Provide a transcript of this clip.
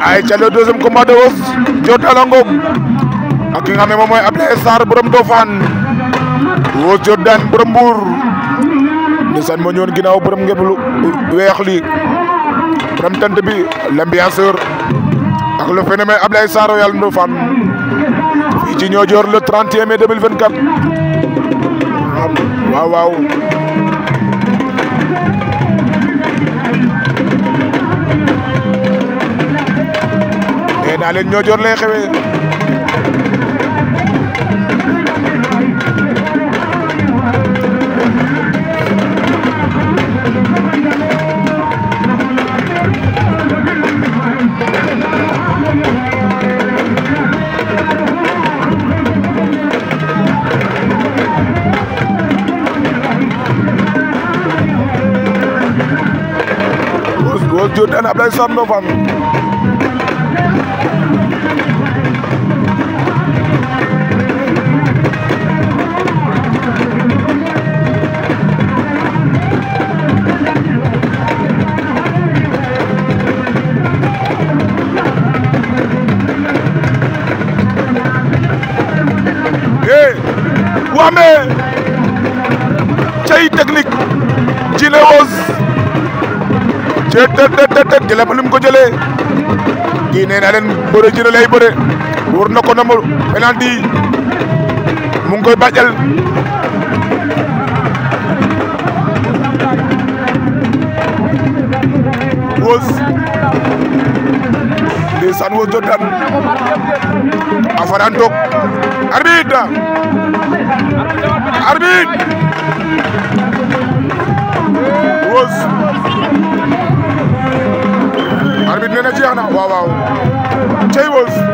ay ca le deuxième combat de a ngoog ak ki nga xam ne moom mooy Ablaye Sarr borom Dofane Weuz Jordan borom Mbour ndeysaan moo ñëwoon ginnaaw borom ngeblu weex li borom tant bi l'ambianceur ak le phénomène Ablaye Sarr yàlla Ndofane fii ci Niodior le 31 mai 2024 waaw waaw naa leen ñoo jor lay xewee Goor Goor Diop daan Ablaye Sar Ndofane bu amee cay technique Djily Rose cee tët tët tët jëlee mu ko jëlee kii nee naa leen bëre Djily lay bëre wër na ko na mu penalty mu koy bàjjal Afan wo joddan Afan an toog arbitre arbitre wos nee na jeex na waaw waaw